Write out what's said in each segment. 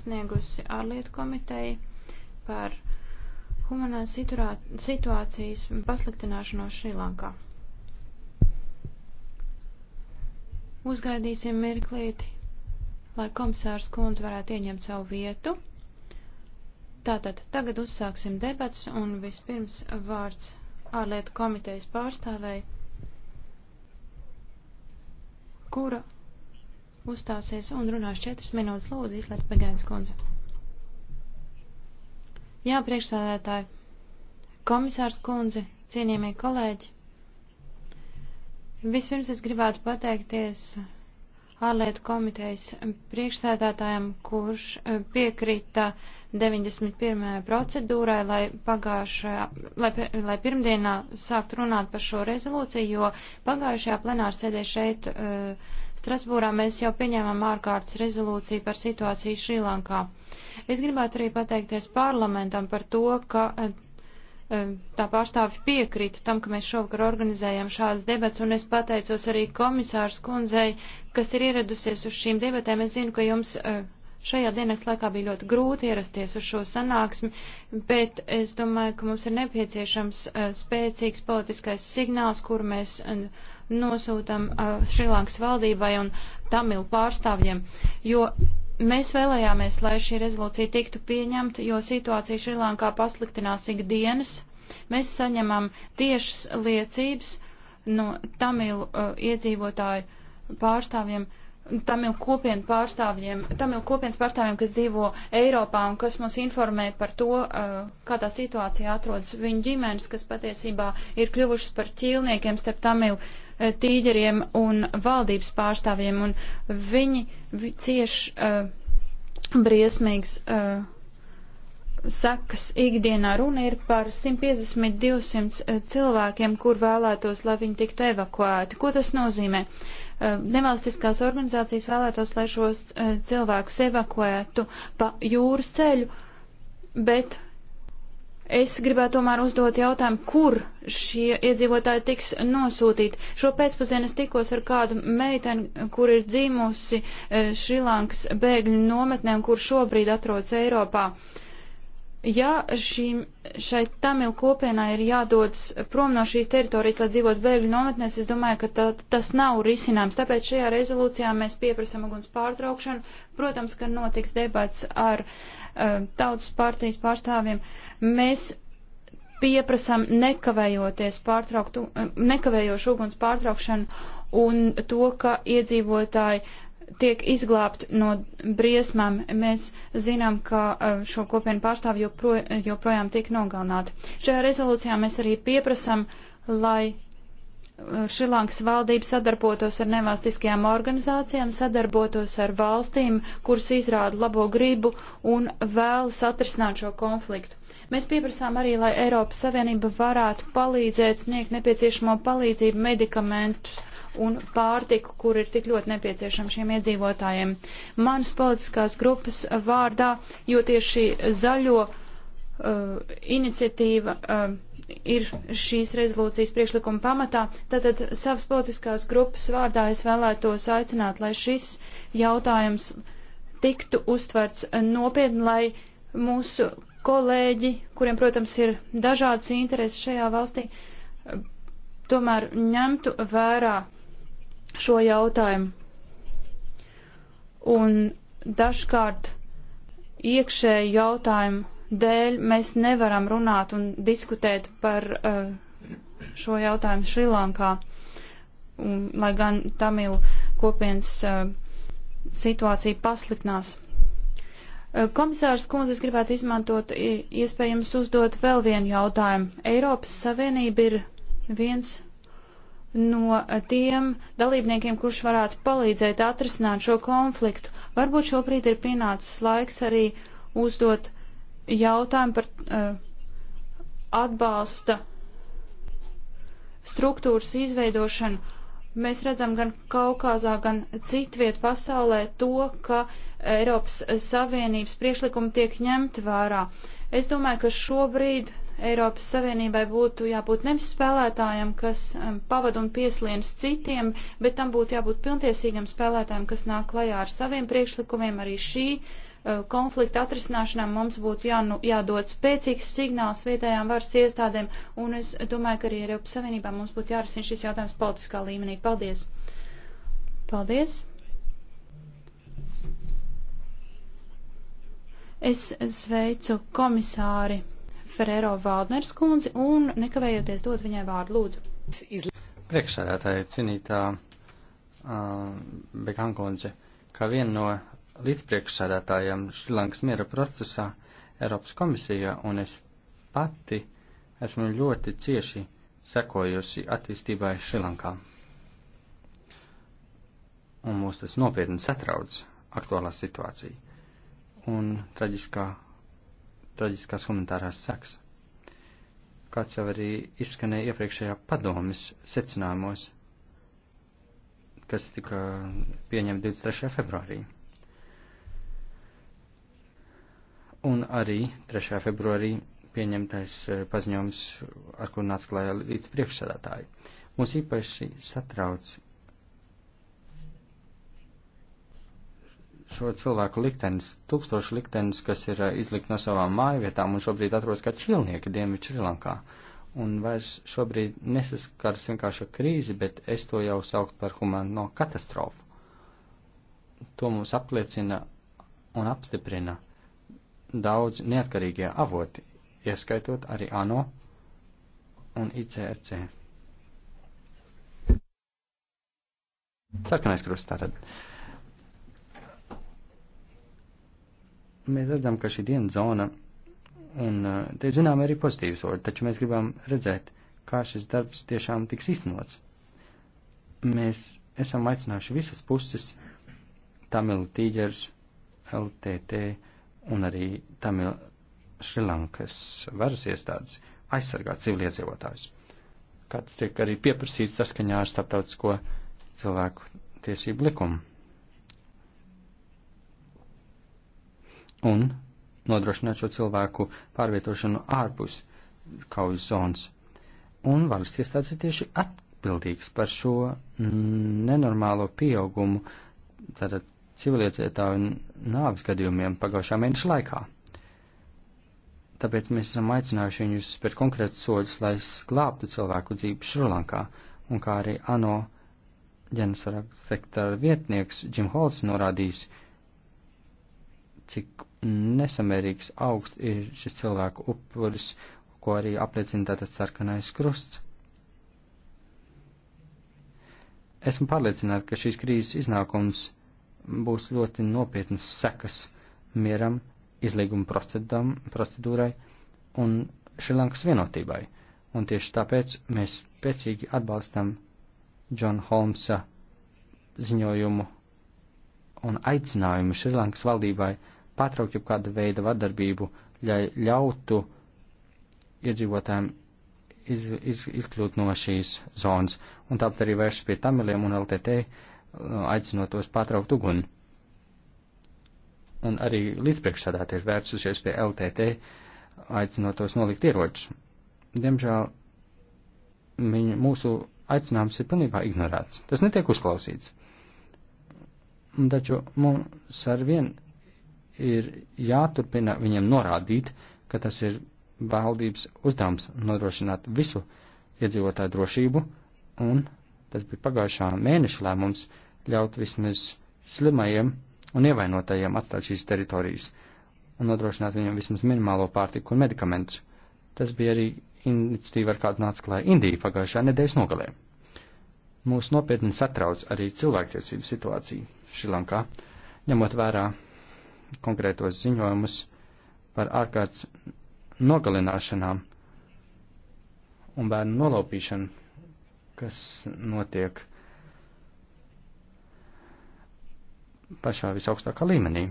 sniegusi ārlietu komiteja par humanās situācijas pasliktināšanos Šrilankā. Uzgaidīsim mirklīti, lai komisārs kundze varētu ieņemt savu vietu. Tātad tagad uzsāksim debats un vispirms vārds ārlietu komitejas pārstāvēja, kura uzstāsies un runās četras minūtes. Lūdzu, izslēdz Begainas kundze. Jā, priekšsēdētāji, komisārs kundze, cienījamie kolēģi. Vispirms es gribētu pateikties ārlietu komitejas priekšsēdētājam, kurš e, piekrita 91. procedūrai, lai pagājušajā, lai, lai pirmdienā sākt runāt par šo rezolūciju, jo pagājušajā plenāra sēdē šeit e, Strasbūrā mēs jau pieņēmām ārkārtas rezolūciju par situāciju Šrilankā. Es gribētu arī pateikties parlamentam par to, ka e, tā pārstāvi piekrita tam, ka mēs šovakar organizējam šādas debats, un es pateicos arī komisārs kundzei, kas ir ieradusies uz šīm debatēm. Es zinu, ka jums e, šajā dienas laikā bija ļoti grūti ierasties uz šo sanāksmi, bet es domāju, ka mums ir nepieciešams e, spēcīgs politiskais signāls, kur mēs e, nosūtam Šrilankas valdībai un Tamilu pārstāvjiem, jo Mēs vēlējāmies, lai šī rezolūcija tiktu pieņemta, jo situācija Šrilankā pasliktinās ikdienas. Mēs saņemam tiešas liecības no tamilu uh, iedzīvotāju pārstāvjiem, tamilu kopienu pārstāvjiem, tamilu kopienas pārstāvjiem, kas dzīvo Eiropā un kas mums informē par to, uh, kādā situācijā atrodas viņu ģimenes, kas patiesībā ir kļuvušas par ķīlniekiem starp tamilu uh, tīģeriem un valdības pārstāvjiem, un viņi cieši uh, eh, briesmīgs uh, eh, sekas ikdienā. Runa ir par 150-200 eh, cilvēkiem, kur vēlētos, lai viņi tiktu evakuēti. Ko tas nozīmē? Nevalstiskās organizācijas vēlētos, lai šos cilvēkus evakuētu pa jūras ceļu, bet Es gribētu tomēr uzdot jautājumu, kur šie iedzīvotāji tiks nosūtīti. Šo pēcpusdienu es tikos ar kādu meiteni, kur ir dzīmusi eh, Šrilankas bēgļu nometnē un kur šobrīd atrodas Eiropā. Uh, ja šīm, šai Tamilu kopienai ir jādodas prom no šīs teritorijas, lai dzīvot bēgļu nometnēs, es domāju, ka tā, tas nav risinājums. Tāpēc šajā rezolūcijā mēs pieprasam uguns pārtraukšanu. Protams, ka notiks debats ar uh, tautas partijas pārstāvjiem. Mēs pieprasam nekavējoties pārtraukt, uh, nekavējošu uguns pārtraukšanu un to, ka iedzīvotāji uh, tiek izglābti no briesmām. Mēs zinām, ka eh, šo kopienu pārstāvju jopro, joprojām tiek nogalināti. Šajā rezolūcijā mēs arī pieprasam, lai eh, Šrilankas valdība sadarbotos ar nevalstiskajām organizācijām, sadarbotos ar valstīm, kuras izrāda labo gribu un vēlas atrisināt šo konfliktu. Mēs pieprasām arī, lai Eiropas Savienība varētu palīdzēt sniegt nepieciešamo palīdzību medikamentus un pārtiku, kur ir tik ļoti nepieciešama šiem iedzīvotājiem. Manas politiskās grupas vārdā, jo tieši zaļo uh, iniciatīva uh, ir šīs rezolūcijas priekšlikuma pamatā, tātad savas politiskās grupas vārdā es vēlētos aicināt, lai šis jautājums tiktu uztverts nopietni, lai mūsu kolēģi, kuriem, protams, ir dažādas intereses šajā valstī, tomēr ņemtu vērā šo jautājumu. Un dažkārt iekšēju jautājumu dēļ mēs nevaram runāt un diskutēt par uh, šo jautājumu Šrilankā, un, lai gan Tamilu kopienas uh, situācija pasliknās. Uh, komisārs Kunz, es gribētu izmantot iespējams uzdot vēl vienu jautājumu. Eiropas Savienība ir viens no tiem dalībniekiem, kurš varētu palīdzēt atrisināt šo konfliktu. Varbūt šobrīd ir pienācis laiks arī uzdot jautājumu par uh, atbalsta struktūras izveidošanu. Mēs redzam gan Kaukāzā, gan citviet pasaulē to, ka Eiropas Savienības priekšlikumi tiek ņemti vērā. Es domāju, ka šobrīd Eiropas Savienībai būtu jābūt nevis spēlētājam, kas um, pavad un pieslienas citiem, bet tam būtu jābūt pilntiesīgam spēlētājam, kas nāk klajā ar saviem priekšlikumiem. Arī šī uh, konflikta atrisināšanā mums būtu jā, nu, jādod spēcīgs signāls vietējām varas iestādēm, un es domāju, ka arī Eiropas Savienībā mums būtu jārisina šis jautājums politiskā līmenī. Paldies! Paldies! Es sveicu komisāri. Ferrero Valdners kundzi un nekavējoties dod viņai vārdu lūdzu. Priekšsēdētāji cinītā uh, Bekan kundze, kā viena no līdzpriekšsēdētājiem Šrilankas miera procesā Eiropas komisija un es pati esmu ļoti cieši sekojusi attīstībai Šrilankā. Un mūs tas nopietni satrauc aktuālā situācija un traģiskā traģiskās humanitārās sekas. Kāds jau arī izskanēja iepriekšējā padomis secinājumos, kas tika pieņemta 23. februārī. Un arī 3. februārī pieņemtais eh, paziņojums, ar kur nāca klājā līdz priekšsēdētāji. Mūs īpaši satrauc šo cilvēku liktenis, tūkstošu liktenis, kas ir eh, izlikt no savām mājvietām un šobrīd atrodas kā ķilnieki Dienvidu Šrilankā. Un vairs šobrīd nesaskaras vienkārši krīzi, bet es to jau saukt par humano katastrofu. To mums apliecina un apstiprina daudz neatkarīgie avoti, ieskaitot arī ANO un ICRC. Sarkanais krusts tātad. Uh, Mēs redzam, ka šī diena zona, un eh, te zinām arī pozitīvs vārds, taču mēs gribam redzēt, kā šis darbs tiešām tiks iznots. Mēs esam aicinājuši visas puses, Tamilu tīģers, LTT un arī Tamilu Šrilankas varas iestādes aizsargāt civiliedzīvotājus. Kāds tiek arī pieprasīts saskaņā ar starptautisko cilvēku tiesību likumu. un nodrošināt šo cilvēku pārvietošanu ārpus kaujas zonas. Un varas iestādes ir tieši atbildīgs par šo nenormālo pieaugumu tātad civiliecietāju nāvis gadījumiem pagājušā mēneša laikā. Tāpēc mēs esam aicinājuši viņus spērt konkrētus soļus, lai glābtu cilvēku dzīvi Šrilankā, un kā arī ANO ģenerālsektora vietnieks Džim Holts norādījis, cik nesamērīgs augsts ir šis cilvēku upuris, ko arī apliecina tātad sarkanais krusts. Esmu pārliecināta, ka šīs krīzes iznākums būs ļoti nopietnas sekas mieram, izlīguma procedūrai un Šrilankas vienotībai, un tieši tāpēc mēs pēcīgi atbalstam Džona Holmsa ziņojumu un aicinājumu Šrilankas valdībai pārtraukt jau kādu veidu vardarbību, lai ļautu iedzīvotājiem iz, iz, izkļūt no šīs zonas, un tāpat arī vēršas pie Tamiliem un LTT, uh, aicinot tos pārtraukt uguni. Un arī līdzpriekšsādāti ir vērsušies pie LTT, aicinot tos nolikt ieročus. Diemžēl viņu, mūsu aicinājums ir pilnībā ignorēts. Tas netiek uzklausīts. Taču mums ar vien ir jāturpina viņiem norādīt, ka tas ir valdības uzdevums nodrošināt visu iedzīvotāju drošību, un tas bija pagājušā mēneša lēmums ļaut vismaz slimajiem un ievainotajiem atstāt šīs teritorijas un nodrošināt viņiem vismaz minimālo pārtiku un medikamentus. Tas bija arī iniciatīva, ar kādu nāca klāja Indija pagājušā nedēļas nogalē. Mūs nopietni satrauc arī cilvēktiesību situācija Šrilankā, ņemot vērā konkrētos ziņojumus par ārkārtas nogalināšanām un bērnu nolaupīšanu, kas notiek pašā visaugstākā līmenī.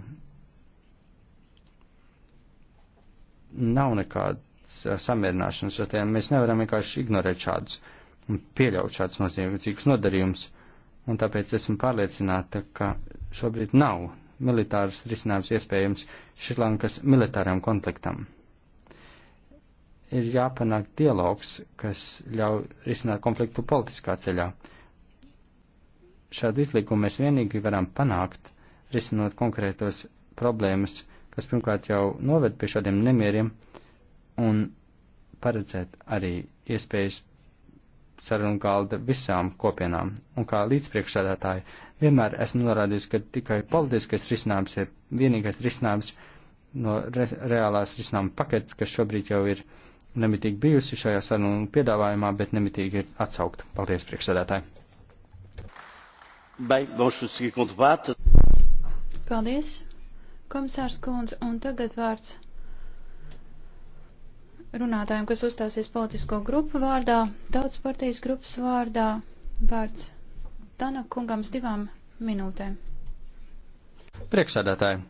Nav nekādas eh, samierināšanas ar tiem. Mēs nevaram vienkārši ignorēt šādus un pieļaut šādus nozīmīgus nodarījumus. Un tāpēc esmu pārliecināta, ka šobrīd nav militārs risinājums iespējams Šrilankas militāram konfliktam. Ir jāpanāk dialogs, kas ļauj risināt konfliktu politiskā ceļā. Šādu izlīgumu mēs vienīgi varam panākt, risinot konkrētos problēmas, kas pirmkārt jau noved pie šādiem nemieriem, un paredzēt arī iespējas sarunu galda visām kopienām. Un kā līdzpriekšsēdētāji, Vienmēr esmu norādījis, ka tikai politiskais risinājums ir vienīgais risinājums no re reālās risinājuma paketes, kas šobrīd jau ir nemitīgi bijusi šajā sarunu piedāvājumā, bet nemitīgi ir atsaukt. Paldies, priekšsēdētāji! Paldies, komisārs Kunz, un tagad vārds runātājiem, kas uzstāsies politisko grupu vārdā, tautas partijas grupas vārdā, vārds Dana kungam uz divām minūtēm. Priekšsādātāji,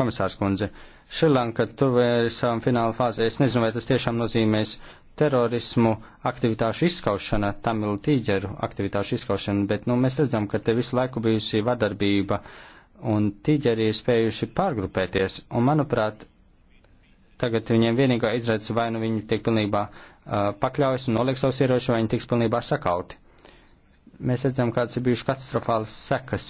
komisārs kundze, Šrilanka tuvēja savam fināla fāzē. Es nezinu, vai tas tiešām nozīmēs terorismu aktivitāšu izskaušana, tamilu tīģeru aktivitāšu izskaušana, bet nu, mēs redzam, ka te visu laiku bijusi vadarbība un tīģeri ir spējuši pārgrupēties. Un, manuprāt, tagad viņiem vienīgā izredz vai nu viņi tiek pilnībā uh, pakļaujas un noliek savus ieroči, vai viņi tiks pilnībā sakauti. Mēs redzam, kādas ir bijušas katastrofālas sekas.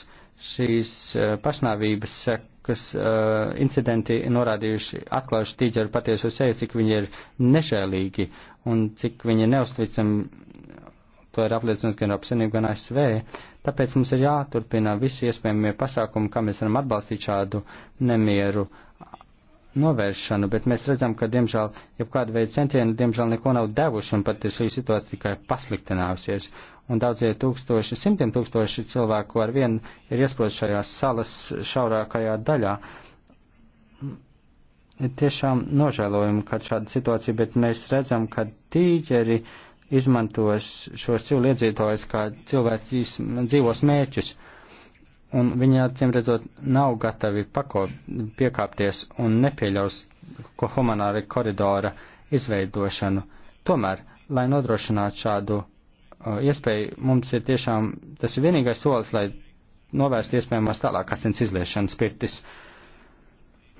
Šīs eh, pašnāvības sekas uh, incidenti norādījuši, atklājuši tīģeru patieso seju, cik viņi ir nežēlīgi un cik viņi ir neusticami. To ir apliecinājums gan Eiropas Savienība, gan ASV. Tāpēc mums ir jāturpina visi iespējamie pasākumi, kā mēs varam atbalstīt šādu nemieru novēršanu, bet mēs redzam, ka, diemžēl, jebkāda veida centieni, diemžēl, neko nav devuši, un pat šī situācija tikai pasliktinājusies un daudzie tūkstoši, simtiem tūkstoši cilvēku ar vienu ir iesprūst šajā salas šaurākajā daļā. Ir tiešām nožēlojumi, ka šāda situācija, bet mēs redzam, ka tīģeri izmantos šos cilvēdzītājus kā cilvēcīs dzīvos mērķus un viņi acīm redzot nav gatavi pakop, piekāpties un nepieļaus humanitāra koridora izveidošanu. Tomēr, lai nodrošinātu šādu Uh, iespēju mums ir tiešām tas ir vienīgais solis, lai novērstu iespējamās tālākās sens izliešanas pirtis.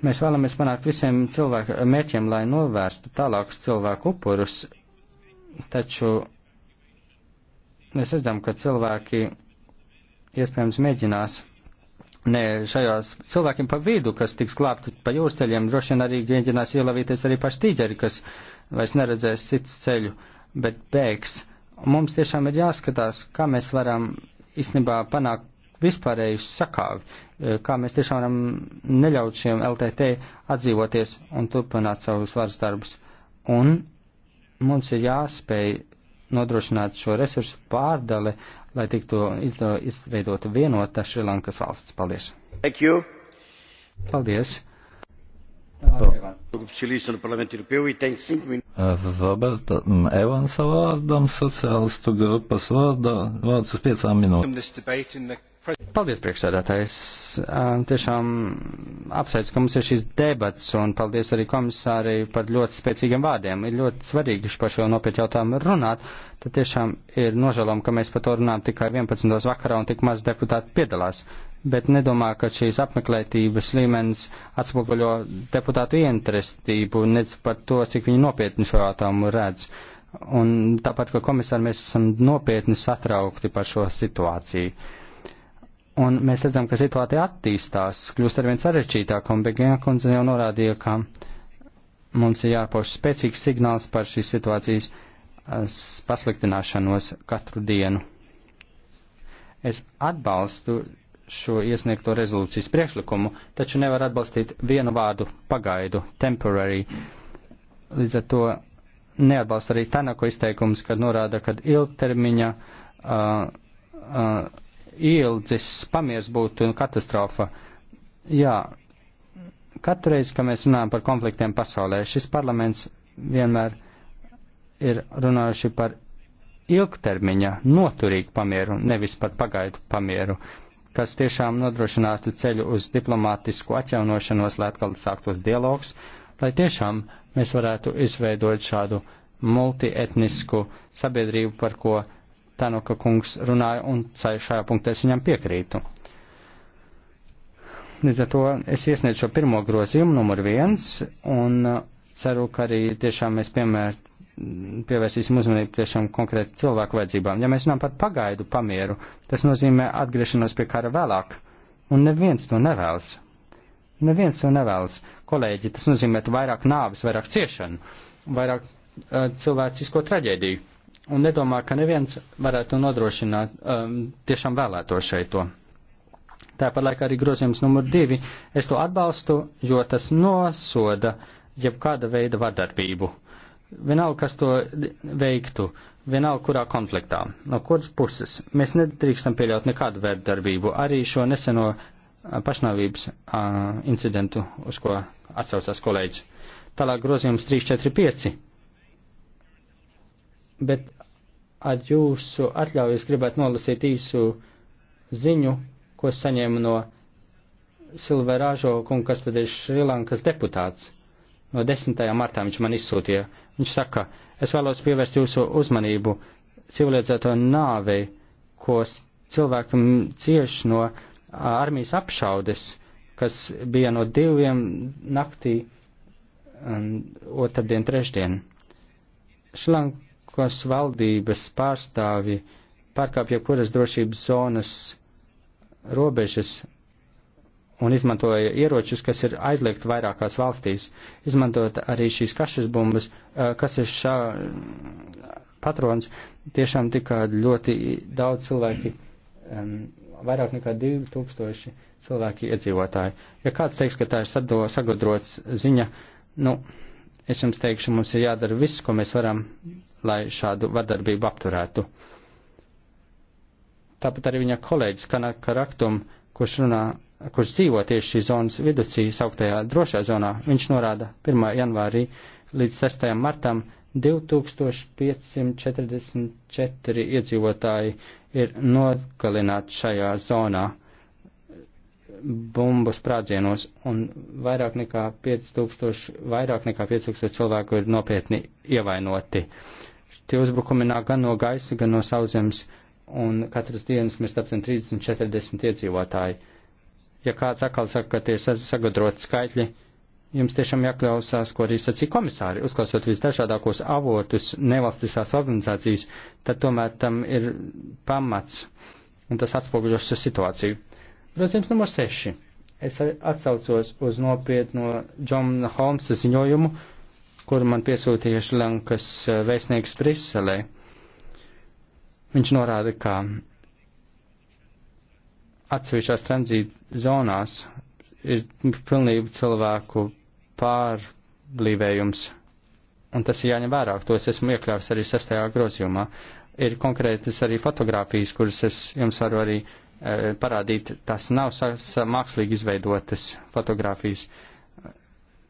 Mēs vēlamies panākt visiem cilvēku mērķiem, lai novērstu tālākus cilvēku upurus, taču mēs redzam, ka cilvēki iespējams mēģinās ne šajos cilvēkiem pa vidu, kas tiks glābti pa jūras ceļiem, droši vien arī mēģinās ielavīties arī paši tīģeri, kas vairs neredzēs cits ceļu, bet bēgs. Uh, Mums tiešām ir jāskatās, kā mēs varam īstenībā panākt vispārēju sakāvi, e, kā mēs tiešām varam neļaut šiem LTT atdzīvoties un turpināt savus varas darbus. Un mums ir jāspēj nodrošināt šo resursu pārdali, lai tiktu izveidota vienota Šrilankas valsts. Paldies! Paldies! Roberta Evansa vārdam, sociālistu grupas vārdā, vārds uz piecām minūtēm. Paldies, priekšsēdētājs. Tiešām apsveicu, ka mums ir šis debats, un paldies arī komisārei par ļoti spēcīgiem vārdiem. Ir ļoti svarīgi par šo nopietnu jautājumu runāt. Tad tiešām ir nožēlom, ka mēs par to runājam tikai 11. vakarā un tik maz deputāti piedalās bet nedomā, ka šīs apmeklētības līmenis atspoguļo deputātu ientrestību, nec par to, cik viņi nopietni šo jautājumu redz. Un tāpat, ka komisāri mēs esam nopietni satraukti par šo situāciju. Un mēs redzam, ka situācija attīstās, kļūst arvien sarežģītāk, un Begina kundze jau norādīja, ka mums ir jāpoš spēcīgs signāls par šīs situācijas pasliktināšanos katru dienu. Es atbalstu šo iesniegto rezolūcijas priekšlikumu, taču nevar atbalstīt vienu vārdu pagaidu, temporary. Līdz ar to neatbalsta arī Tanako izteikums, kad norāda, ka ilgtermiņa uh, uh, ildzis pamiers būtu katastrofa. Jā, katru reizi, kad mēs runājam par konfliktiem pasaulē, šis parlaments vienmēr ir runājuši par ilgtermiņa noturīgu pamieru, nevis par pagaidu pamieru. Uh, kas tiešām nodrošinātu ceļu uz diplomātisku atjaunošanos, lai atkal sāktos dialogs, lai tiešām mēs varētu izveidot šādu multietnisku sabiedrību, par ko Tanuka kungs runāja, un šajā punktā es viņam piekrītu. Līdz ar to es iesniedzu šo pirmo grozījumu, numur viens, un uh, ceru, ka arī tiešām mēs piemēr, pievērsīsim uzmanību tiešām konkrēti cilvēku vajadzībām. Ja mēs runājam par pagaidu pamieru, tas nozīmē atgriešanos pie kara vēlāk, un neviens to nevēlas. Neviens to nevēlas. Kolēģi, tas nozīmē vairāk nāvis, vairāk ciešanu, vairāk uh, cilvēcisko traģēdiju. Un nedomā, ka neviens varētu nodrošināt, um, tiešām vēlēto šeit to. Tāpat laikā arī grozījums numur divi. Es to atbalstu, jo tas nosoda jebkāda veida vardarbību Vienalga, kas to veiktu, vienalga, kurā konfliktā, no kuras puses, mēs nedrīkstam pieļaut nekādu vērdarbību, arī šo neseno pašnāvības uh, incidentu, uz ko atsaucās kolēģis. Tālāk grozījums 345. Bet ar jūsu atļauju es gribētu nolasīt īsu ziņu, ko saņēmu no Silverāžo kunga, kas tad ir Šrilankas deputāts. No 10. martā viņš man izsūtīja Viņš saka, es vēlos pievērst jūsu uzmanību civilizēto nāvei, ko cilvēkam cieši no armijas apšaudes, kas bija no diviem naktī otrdien, trešdien. Šlankos valdības pārstāvi pārkāpja kuras drošības zonas robežas un izmantoja ieročus, kas ir aizliegti vairākās valstīs, izmantot arī šīs kašas bumbas, eh, kas ir šā patrons, tiešām tika ļoti daudz cilvēki, vairāk nekā 2000 cilvēki iedzīvotāji. Ja kāds teiks, ka tā ir sagodrots ziņa, nu, es jums teikšu, mums ir jādara viss, ko mēs varam, lai šādu vardarbību apturētu. Tāpat arī viņa kolēģis Karaktum, kurš runā kurš dzīvo tieši šīs zonas viducī, sauktajā drošajā zonā, viņš norāda 1. janvārī līdz 6. martam 2544 iedzīvotāji ir nokalināti šajā zonā bumbu sprādzienos, un vairāk nekā 5000, vairāk nekā 5000 cilvēku ir nopietni ievainoti. Tie uzbrukumi nāk gan no gaisa, gan no sauszemes, un katras dienas mēs tapsim 30-40 iedzīvotāji ja kāds atkal saka, ka tie sagadrot skaitļi, jums tiešām jāklausās, ko arī sacīja komisāri, uzklausot visdažādākos avotus nevalstiskās organizācijas, tad tomēr tam ir pamats, un tas atspoguļos šo situāciju. Grozījums numur 6. Es atsaucos uz nopietno Džona Holmsa ziņojumu, kuru man piesūtīja Šlankas eh, vēstnieks Briselē. Viņš norāda, ka atsevišķās tranzīta zonās ir pilnība cilvēku pārblīvējums. Un tas ir jāņem vērā, to es esmu iekļāvis arī sastajā grozījumā. Ir konkrētas arī fotogrāfijas, kuras es jums varu arī e, parādīt. Tās nav mākslīgi izveidotas fotogrāfijas.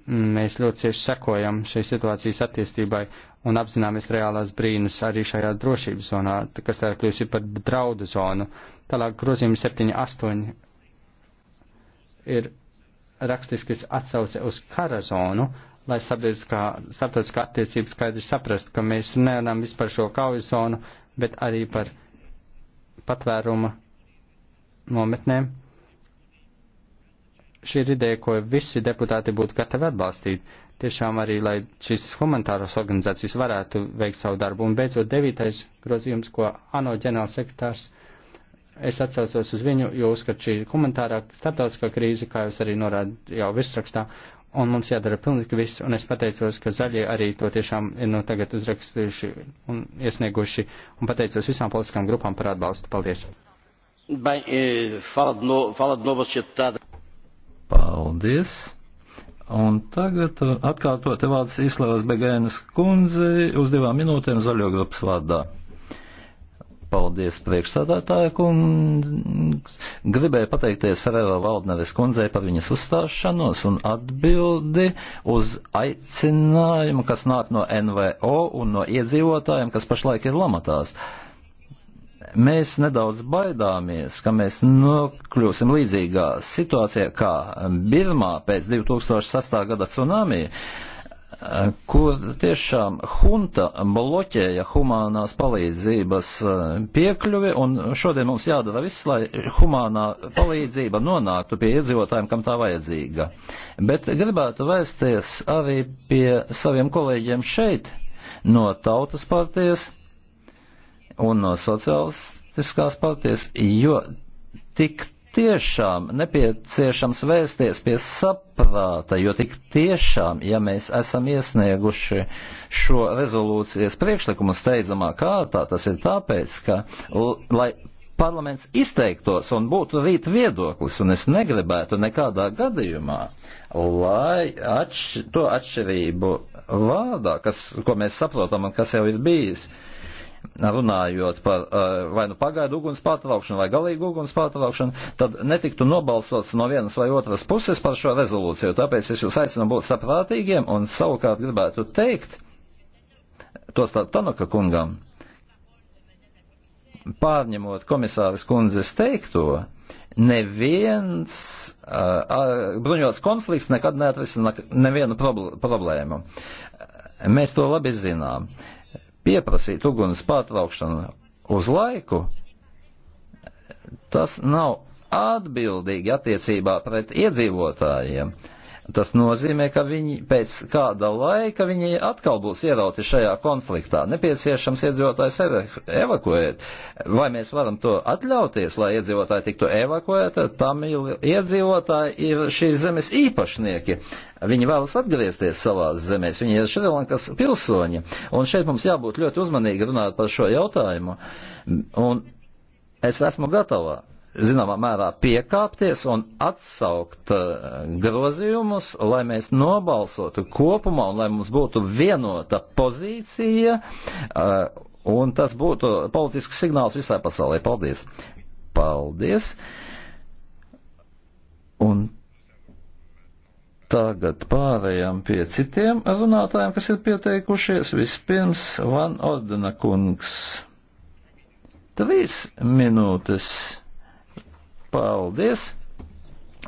Mēs ļoti cieši sekojam šai situācijas attīstībai un apzināmies reālās brīnas arī šajā drošības zonā, kas tā kļūst par draudu zonu. Tālāk grozījumi 7.8 ir rakstiskas atsauce uz kara zonu, lai sabiedriskā, starptautiskā attiecība skaidri saprast, ka mēs nerunām vispār šo kaujas zonu, bet arī par patvēruma nometnēm. Šī ir ideja, ko visi deputāti būtu gatavi atbalstīt tiešām arī, lai šīs humanitāros organizācijas varētu veikt savu darbu. Un beidzot, devītais grozījums, ko ANO ģenerālsekretārs, es atsaucos uz viņu, jo uzskatu šī humanitārā starptautiskā krīze, kā jūs arī norādījāt jau virsrakstā, un mums jādara pilnīgi viss, un es pateicos, ka zaļie arī to tiešām ir no nu tagad uzrakstījuši un iesnieguši, un pateicos visām politiskām grupām par atbalstu. Paldies! Bem, eh, fala de novo, fala de novo, Paldies! Un tagad uh, atkārtot vārds Islavas Begainas kundzei uz divām minūtēm zaļo grupas vārdā. Paldies priekšsādātāja kungs. Gribēju pateikties Ferēro Valdneres kundzei par viņas uzstāšanos un atbildi uz aicinājumu, kas nāk no NVO un no iedzīvotājiem, kas pašlaik ir lamatās. Uh, Mēs nedaudz baidāmies, ka mēs nokļūsim līdzīgā situācijā kā Birmā pēc 2008. gada tsunami, kur tiešām hunta bloķēja humānās palīdzības eh, piekļuvi, un šodien mums jādara viss, lai humānā palīdzība nonāktu pie iedzīvotājiem, kam tā vajadzīga. Bet gribētu vērsties arī pie saviem kolēģiem šeit, no Tautas partijas un no sociālistiskās partijas, jo tik tiešām nepieciešams vēsties pie saprāta, jo tik tiešām, ja mēs esam iesnieguši šo rezolūcijas priekšlikumu steidzamā kārtā, tas ir tāpēc, ka, lai parlaments izteiktos un būtu rīt viedoklis, un es negribētu nekādā gadījumā, lai atš to atšķirību vārdā, kas, ko mēs saprotam un kas jau ir bijis, uh, runājot par eh, vai nu pagaidu uguns pārtraukšanu vai galīgu uguns pārtraukšanu, tad netiktu nobalsots no vienas vai otras puses par šo rezolūciju. Tāpēc es jūs aicinu būt saprātīgiem un savukārt gribētu teikt to starp Tanaka kungam, pārņemot komisāras kundzes teikto, neviens uh, bruņots konflikts nekad neatrisina nevienu problēmu. Mēs to labi zinām. Uh, pieprasīt uguns pārtraukšanu uz laiku, tas nav atbildīgi attiecībā pret iedzīvotājiem. Uh, Tas nozīmē, ka viņi pēc kāda laika viņi atkal būs ierauti šajā konfliktā. Nepieciešams iedzīvotājs evakuēt. Vai mēs varam to atļauties, lai iedzīvotāji tiktu evakuēti? Tamili iedzīvotāji ir šīs zemes īpašnieki. Viņi vēlas atgriezties savās zemēs. Viņi ir Šrilankas pilsoņi. Un šeit mums jābūt ļoti uzmanīgi runāt par šo jautājumu. Un es esmu gatava zināmā mērā piekāpties un atsaukt eh, grozījumus, lai mēs nobalsotu kopumā un lai mums būtu vienota pozīcija, eh, un tas būtu politisks signāls visai pasaulē. Paldies! Paldies! Un tagad pārējām pie citiem runātājiem, kas ir pieteikušies. Vispirms Van Ordena kungs. Trīs minūtes. Paldies!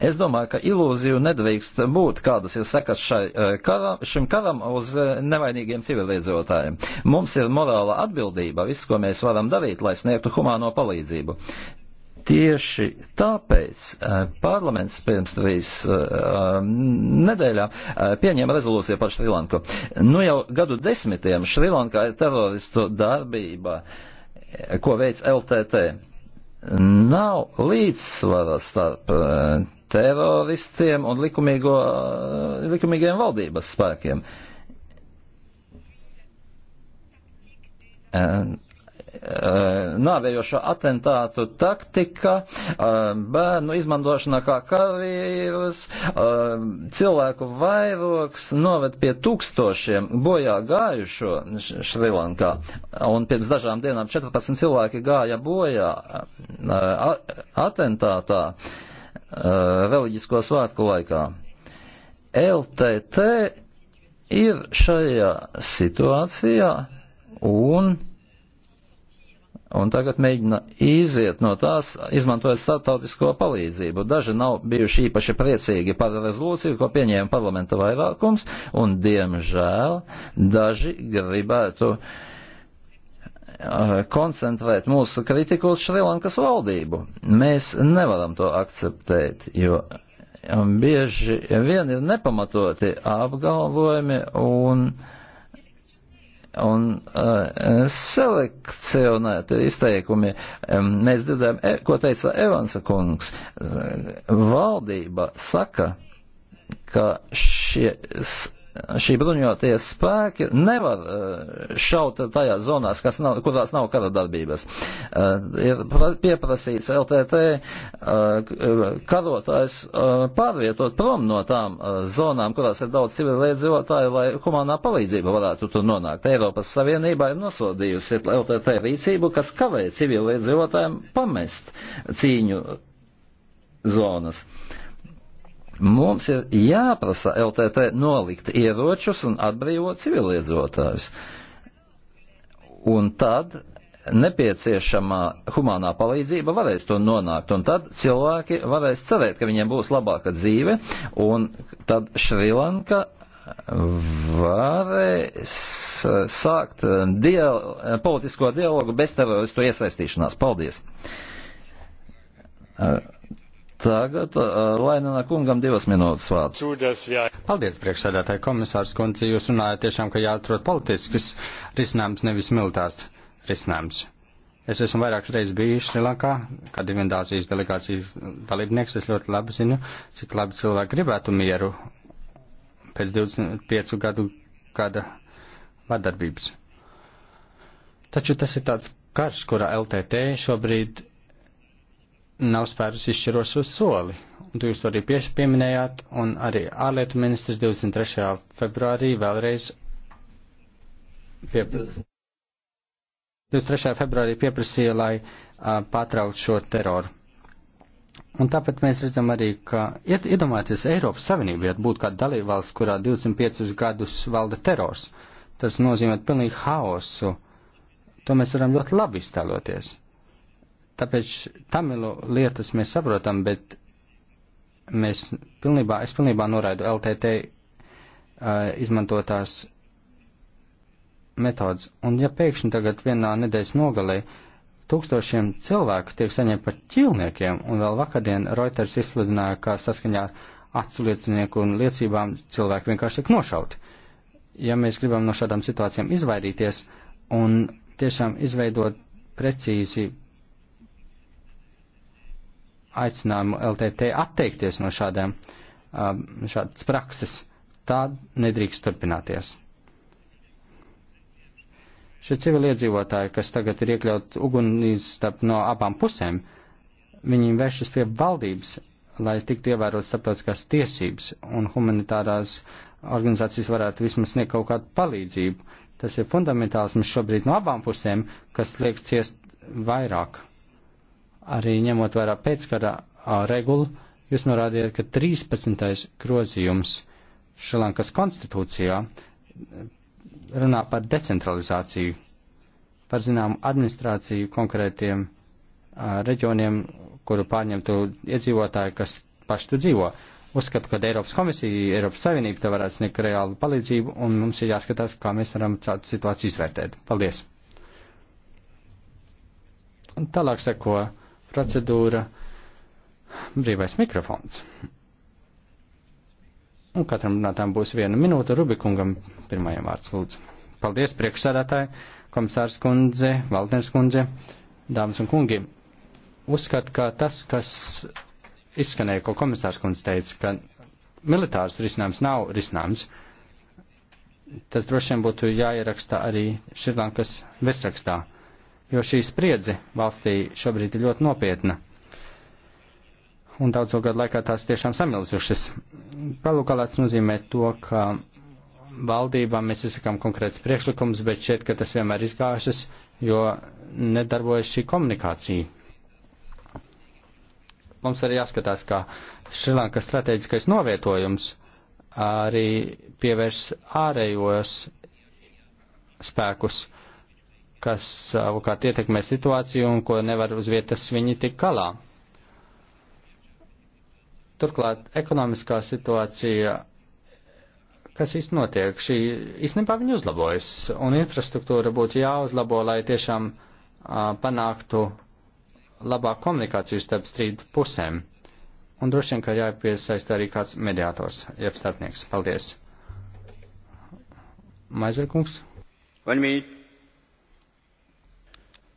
Es domāju, ka ilūziju nedrīkst būt, kādas ir sekas šai, eh, karam, šim karam uz eh, nevainīgiem civiliedzotājiem. Mums ir morāla atbildība, viss, ko mēs varam darīt, lai sniegtu humāno palīdzību. Tieši tāpēc eh, parlaments pirms trīs nedēļām pieņēma rezolūciju par Šrilanku. Nu jau gadu desmitiem Šrilankā ir teroristu darbība, ko veids LTT Nav līdzsvara starp eh, teroristiem un likumīgo, eh, likumīgiem valdības spēkiem. Eh, Eh, nāvējošo atentātu taktika, eh, bērnu izmantošanā kā karavīrus, eh, cilvēku vairoks noved pie tūkstošiem bojā gājušo Šrilankā. Un pirms dažām dienām 14 cilvēki gāja bojā atentātā reliģisko svētku laikā. LTT ir šajā situācijā un un tagad mēģina iziet no tās, izmantojot starptautisko palīdzību. Daži nav bijuši īpaši priecīgi par rezolūciju, ko pieņēma parlamenta vairākums, un, diemžēl, daži gribētu eh, koncentrēt mūsu kritiku uz Šrilankas valdību. Mēs nevaram to akceptēt, jo um, bieži vien ir nepamatoti apgalvojumi un uh, un uh, selekcionēti izteikumi. Um, mēs dzirdējām, e, ko teica Evansa kungs. Valdība saka, ka šie šī bruņoties spēki nevar e, šaut tajās zonās, kas nav, kurās nav kara darbības. E, ir pieprasīts LTT e, karotājs pārvietot prom no tām zonām, kurās ir daudz civilizētāju, lai humanā palīdzība varētu tur nonākt. Eiropas Savienībā ir nosodījusi LTT rīcību, kas kavē civilizētājiem pamest cīņu zonas. Uh, Mums ir jāprasa LTT nolikt ieročus un atbrīvot civiliedzotājus. Un tad nepieciešamā humanā palīdzība varēs to nonākt, un tad cilvēki varēs cerēt, ka viņiem būs labāka dzīve, un tad Šrilanka varēs sākt dial politisko dialogu bez teroristu iesaistīšanās. Paldies! Tagad uh, Lainanā kungam divas minūtes vārds. Paldies, priekšsēdētāji komisārs kundze. Jūs runājat tiešām, ka jāatrod politisks risinājums, nevis militārs risinājums. Es esmu vairākas reizes bijis Šrilankā, kā divendācijas delegācijas dalībnieks. Es ļoti labi zinu, cik labi cilvēki gribētu mieru pēc 25 gadu gada vardarbības. Taču tas ir tāds karš, kurā LTT šobrīd nav spērus izšķirošo soli. Un jūs to arī pieši pieminējāt, un arī ārlietu ministrs 23. februārī vēlreiz pie... 23. februārī pieprasīja, lai uh, pārtraukt šo teroru. Un tāpat mēs redzam arī, ka, iet, iedomājieties, Eiropas Savienība, ja būtu kāda dalībvalsts, kurā 25 gadus valda terors, tas nozīmē pilnīgi haosu. To mēs varam ļoti labi iztēloties. Tāpēc tamilu lietas mēs saprotam, bet mēs pilnībā, es pilnībā noraidu LTT uh, izmantotās metodas. Un ja pēkšņi tagad vienā nedēļas nogalē tūkstošiem cilvēku tiek saņemti par ķilniekiem, un vēl vakardien Reuters izsludināja, ka saskaņā ar acu liecinieku un liecībām cilvēki vienkārši tiek nošauti. Ja mēs gribam no šādām situācijām izvairīties un tiešām izveidot precīzi aicinājumu LTT atteikties no šādām, um, šādas prakses. Tā nedrīkst turpināties. Šie civiliedzīvotāji, kas tagad ir iekļaut ugunīstap no abām pusēm, viņi vēršas pie valdības, lai tiktu ievērot starptautiskās tiesības un humanitārās organizācijas varētu vismaz sniegt kaut kādu palīdzību. Tas ir fundamentāls mums šobrīd no abām pusēm, kas liek ciest vairāk arī ņemot vērā pēckara regulu, jūs norādījāt, ka 13. grozījums Šrilankas konstitūcijā runā par decentralizāciju, par zināmu administrāciju konkrētiem a, reģioniem, kuru pārņemtu iedzīvotāji, kas paši tur dzīvo. Uzskatu, ka Eiropas komisija, Eiropas Savienība te varētu sniegt reālu palīdzību, un mums ir jāskatās, kā mēs varam šādu situāciju izvērtēt. Paldies! Un tālāk seko procedūra brīvais mikrofons. Un katram runātājam būs viena minūte. Rubikungam pirmajam vārds lūdzu. Paldies, priekšsēdētāji, komisārs kundze, Valdners kundze, dāmas un kungi. Uzskat, ka tas, kas izskanēja, ko komisārs kundze teica, ka militārs risinājums nav risinājums, tas droši vien būtu jāieraksta arī Šrilankas vesrakstā jo šī spriedze valstī šobrīd ir ļoti nopietna. Un daudzo gadu laikā tās tiešām samilzušas. Palūkalēts nozīmē to, ka valdībām mēs izsakām konkrēts priekšlikums, bet šķiet, ka tas vienmēr izgāšas, jo nedarbojas šī komunikācija. Mums arī jāskatās, ka Šrilankas strateģiskais novietojums arī pievērš ārējos spēkus. Uh, kas savukārt ietekmē situāciju un ko nevar uz vietas viņi tik galā. Turklāt ekonomiskā situācija, kas īsti notiek, šī īstenībā viņa uzlabojas, un infrastruktūra būtu jāuzlabo, lai tiešām a, panāktu labāku komunikāciju starp strīdu pusēm. Un droši vien, ka jāpiesaista arī kāds mediātors, jeb starpnieks. Paldies. Maizerkungs. One minute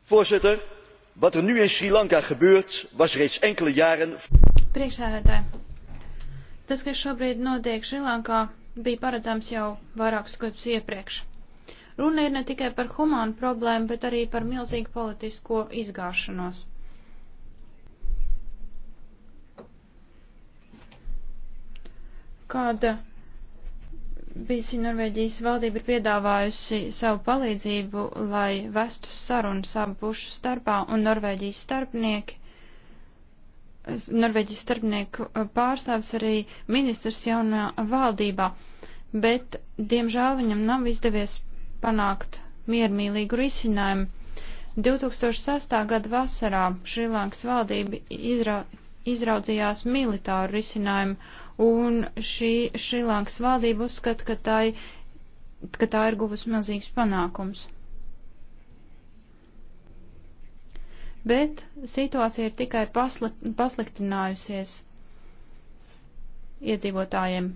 voorzitter wat er nu in sri lanka gebeurt was reeds enkele jaren. priekšsēdētāj tas kas šobrīd notiek šrilankā bija paredzams jau vairākus gadus iepriekš. Runa ir ne tikai par humānu problēmu, bet arī par milzīgu politisko izgāšanos. Kāda bijusi Norvēģijas valdība ir piedāvājusi savu palīdzību, lai vestu sarunu savu pušu starpā, un Norvēģijas starpnieki, Norvēģijas starpnieku eh, pārstāvs arī ministrs jaunā valdībā, bet, diemžēl, viņam nav izdevies panākt miermīlīgu risinājumu. 2006. gada vasarā Šrilankas valdība izra, izraudzījās militāru risinājumu un šī Šrilankas valdība uzskata, ka tā, ka tā ir guvusi milzīgs panākums. Bet situācija ir tikai pasli, pasliktinājusies iedzīvotājiem.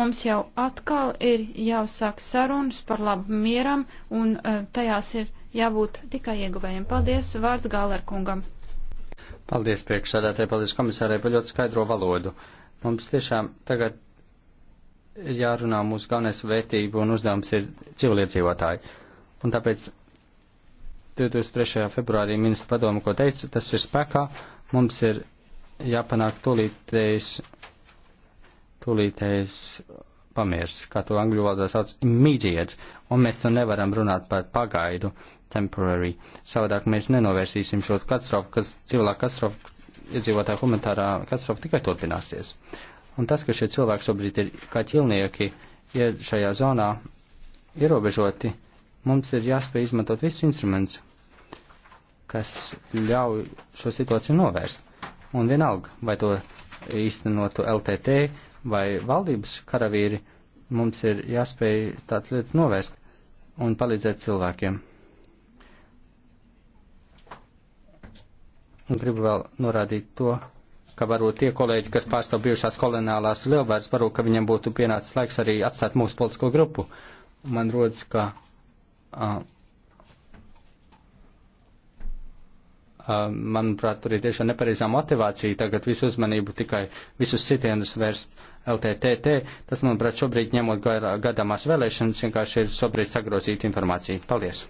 Mums jau atkal ir jāuzsāk sarunas par labu mieram, un eh, tajās ir jābūt tikai ieguvējiem. Paldies, vārds Gālerkungam! Paldies priekšsādātāji, paldies komisārai par ļoti skaidro valodu. Mums tiešām tagad ir jārunā mūsu galvenais vērtība un uzdevums ir civiliedzīvotāji. Un tāpēc 23. februārī ministru padomu, ko teicu, tas ir spēkā. Mums ir jāpanāk tūlītējs, tūlītējs pamiers, kā to angļu valodā sauc, immediate, un mēs to nevaram runāt par pagaidu temporary. Savādāk mēs nenovērsīsim šo katastrofu, kas cilvēku katastrofu, iedzīvotāju humanitārā katastrofa tikai turpināsies. Un tas, ka šie cilvēki šobrīd ir kā ķilnieki, ja šajā zonā ierobežoti, mums ir jāspēj izmantot visus instruments, kas ļauj šo situāciju novērst. Un vienalga, vai to īstenotu LTT vai valdības karavīri, mums ir jāspēj tādas lietas novērst un palīdzēt cilvēkiem. Un gribu vēl norādīt to, ka varbūt tie kolēģi, kas pārstāv bijušās kolonālās lielvērts, varbūt, ka viņiem būtu pienācis laiks arī atstāt mūsu politisko grupu. Man rodas, ka. Uh, uh, manuprāt, tur ir tiešām nepareizā motivācija tagad visu uzmanību tikai visus sitienus vērst LTTT. Tas, manuprāt, šobrīd ņemot gadāmās vēlēšanas, vienkārši ir šobrīd sagrozīta informācija. Paldies!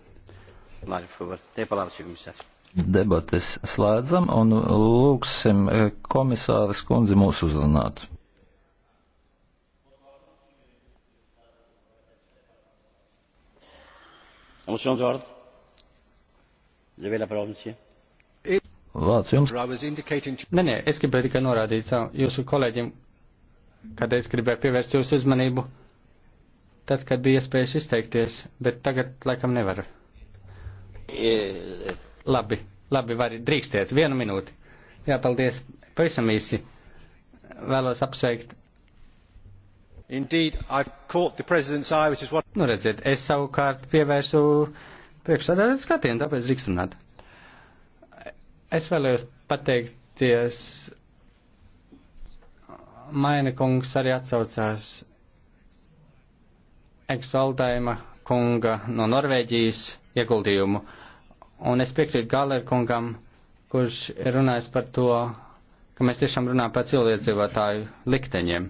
Mārķi, Te palāvas jums esmu. Debates slēdzam un lūgsim e, komisāras kundzi mūs uzrunāt. Vārds jums. Nē, nē, es gribēju tikai norādīt savu, jūsu kolēģiem, kad es gribēju pievērst jūsu uzmanību, tad, kad bija iespējas izteikties, bet tagad laikam nevaru. E, Labi, labi, var drīkstiet. Vienu minūti. Jā, paldies. Pavisam īsi. Vēlos apsveikt. Indeed, I've caught the president's eye, which is what... Nu, redziet, es savukārt pievērsu priekšsādātāju skatienu, tāpēc drīkst runāt. Es vēlējos pateikties. Maina kungs arī atsaucās Eksaltaima kunga no Norvēģijas ieguldījumu. Uh, Un es piekrītu Galerkungam, kurš ir runājis par to, ka mēs tiešām runājam par cilvēdzīvotāju likteņiem.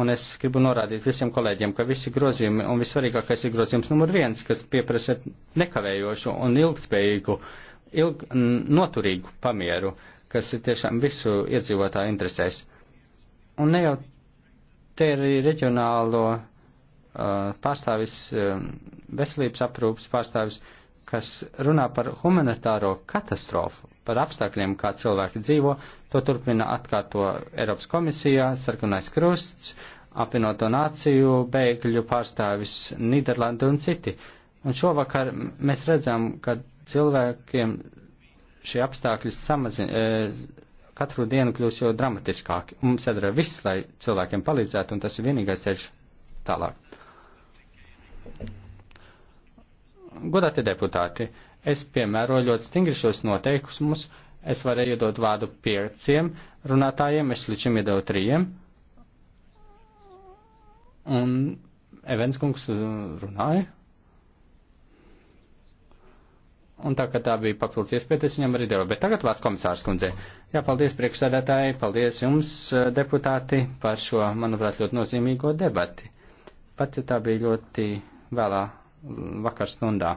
Un es gribu norādīt visiem kolēģiem, ka visi grozījumi, un vissvarīgākais ir grozījums numur viens, kas pieprasa nekavējošu un ilgspējīgu, ilg, noturīgu pamieru, kas ir tiešām visu iedzīvotāju interesēs. Un ne jau te ir arī reģionālo uh, pārstāvis, uh, veselības aprūpas pārstāvis, uh, kas runā par humanitāro katastrofu, par apstākļiem, kā cilvēki dzīvo, to turpina atkārto Eiropas komisijā, Sarkanais krusts, apvienoto nāciju, bēgļu pārstāvis Nīderlanda un citi. Un šovakar mēs redzam, ka cilvēkiem šie apstākļi samazina, e, katru dienu kļūst jau dramatiskāki. Mums jādara viss, lai cilvēkiem palīdzētu, un tas ir vienīgais ceļš tālāk. Godāti deputāti, es piemēroju ļoti stingri šos noteikumus. Es varēju dot vārdu pieciem runātājiem, es līdz šim iedevu trījiem. Un Evans kungs uh, runāja. Un tā kā tā bija papildus iespēja, es viņam arī devu. Bet tagad vārds komisārs kundzei. Jā, paldies priekšsēdētāji, paldies jums, uh, deputāti, par šo, manuprāt, ļoti nozīmīgo debati. Pat ja tā bija ļoti vēlā vakar stundā.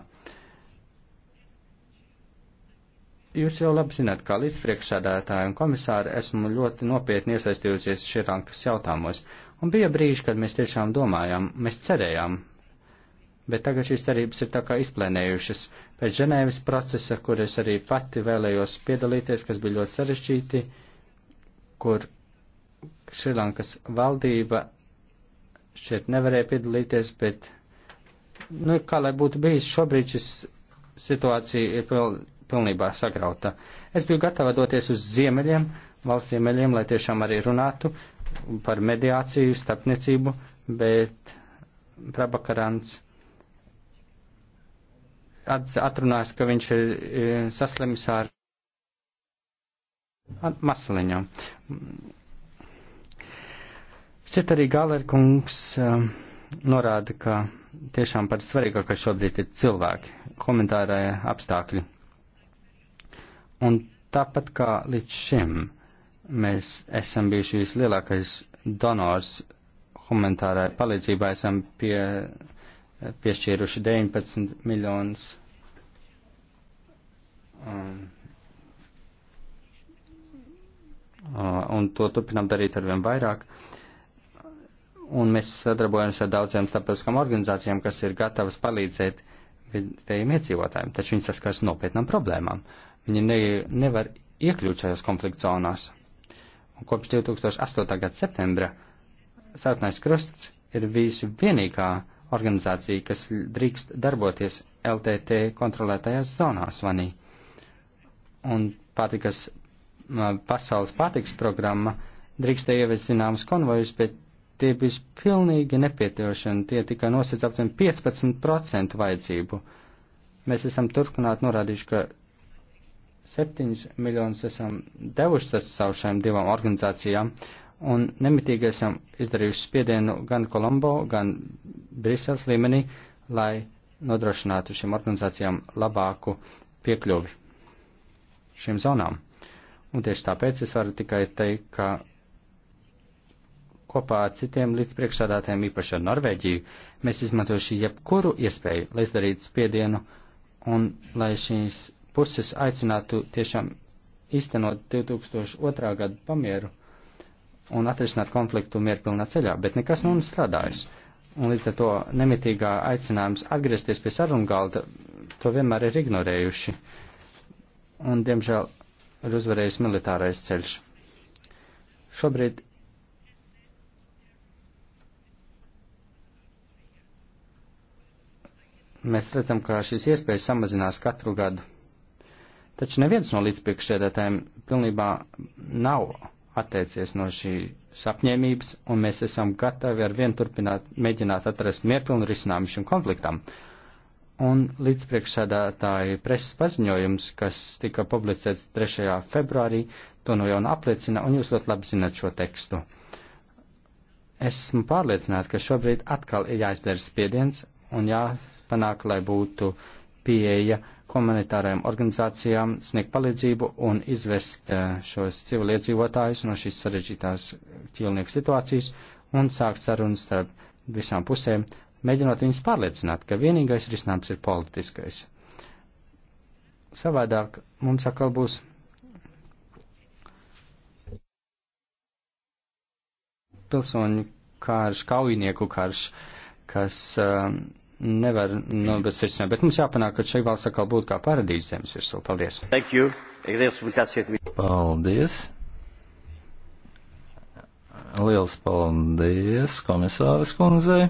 Jūs jau labi zināt, kā līdzpriekšsādātāja un komisāra esmu ļoti nopietni iesaistījusies širankas jautājumos, un bija brīži, kad mēs tiešām domājām, mēs cerējām, bet tagad šīs cerības ir tā kā izplēnējušas pēc Ženēvis procesa, kur es arī pati vēlējos piedalīties, kas bija ļoti sarežģīti, kur Šrilankas valdība šeit nevarēja piedalīties, bet nu, kā lai būtu bijis, šobrīd šis situācija ir piln, pilnībā sagrauta. Es biju gatava doties uz ziemeļiem, valsts ziemeļiem, lai tiešām arī runātu par mediāciju, starpniecību, bet Prabakarants atrunājas, ka viņš ir saslims ar masliņām. Šķiet arī Galerkungs um, norāda, ka tiešām par svarīgāko šobrīd ir cilvēki, komentārai apstākļi. Un tāpat kā līdz šim mēs esam bijuši vislielākais donors humanitārai palīdzībai, esam pie, piešķīruši 19 miljonus. Um, uh, un to turpinām darīt arvien vairāk. Uh, un mēs sadarbojamies ar daudziem starptautiskām organizācijām, kas ir gatavas palīdzēt vietējiem iedzīvotājiem, taču viņi saskars nopietnām problēmām. Viņi ne, nevar iekļūt šajās konflikta zonās. Un kopš 2008. gada septembra Sarkanais Krusts ir visu vienīgā organizācija, kas drīkst darboties LTT kontrolētajās zonās vanī. Un pārtikas, pasaules pārtikas programma drīkstēja ievies zināmas konvojus, bet tie bija pilnīgi nepietiekošami, tie tikai nosedz aptuveni 15% vajadzību. Mēs esam turpināt norādījuši, ka 7 miljonus esam devuši savu šajām divām organizācijām, un nemitīgi esam izdarījuši spiedienu gan Kolombo, gan Briseles līmenī, lai nodrošinātu šīm organizācijām labāku piekļuvi šīm zonām. Un tieši tāpēc es varu tikai teikt, ka kopā ar citiem līdzpriekšsādātājiem, īpaši ar Norvēģiju, mēs izmantojuši jebkuru iespēju, lai izdarītu spiedienu un lai šīs puses aicinātu tiešām īstenot 2002. gadu pamieru un atrisināt konfliktu mierpilnā ceļā, bet nekas nav strādājis. Un līdz ar to nemitīgā aicinājums atgriezties pie sarunu galda, to vienmēr ir ignorējuši. Un, diemžēl, ir uzvarējis militārais ceļš. Šobrīd Mēs redzam, ka šīs iespējas samazinās katru gadu. Taču neviens no līdzpriekšsēdētājiem pilnībā nav atteicies no šīs apņēmības, un mēs esam gatavi ar vienu turpināt mēģināt atrast mierpilnu risinājumu šim konfliktam. Un līdzpriekšsēdētāji preses paziņojums, kas tika publicēts 3. februārī, to no jauna apliecina, un jūs ļoti labi zinat šo tekstu. Esmu pārliecināta, ka šobrīd atkal ir jāizdara spiediens un jā, panāk, lai būtu pieeja komunitārajām organizācijām, sniegt palīdzību un izvest eh, šos civiliedzīvotājus no šīs sarežģītās ķīlnieku situācijas un sākt sarunas starp visām pusēm, mēģinot viņus pārliecināt, ka vienīgais risinājums ir politiskais. Savādāk mums atkal būs pilsoņu karš, kaujinieku karš, kas um, nevar nu, bez risinājuma, bet mums jāpanāk, ka šī valsts atkal būtu kā paradīze zemes virsū. Paldies! Paldies! Liels paldies komisāras kundzei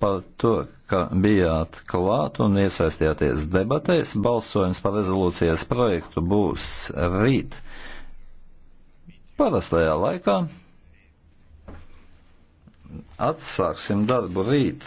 par to, ka bijāt klāt un iesaistījāties debatēs. Balsojums par rezolūcijas projektu būs rīt parastajā laikā. Atsāksim darbu rīt.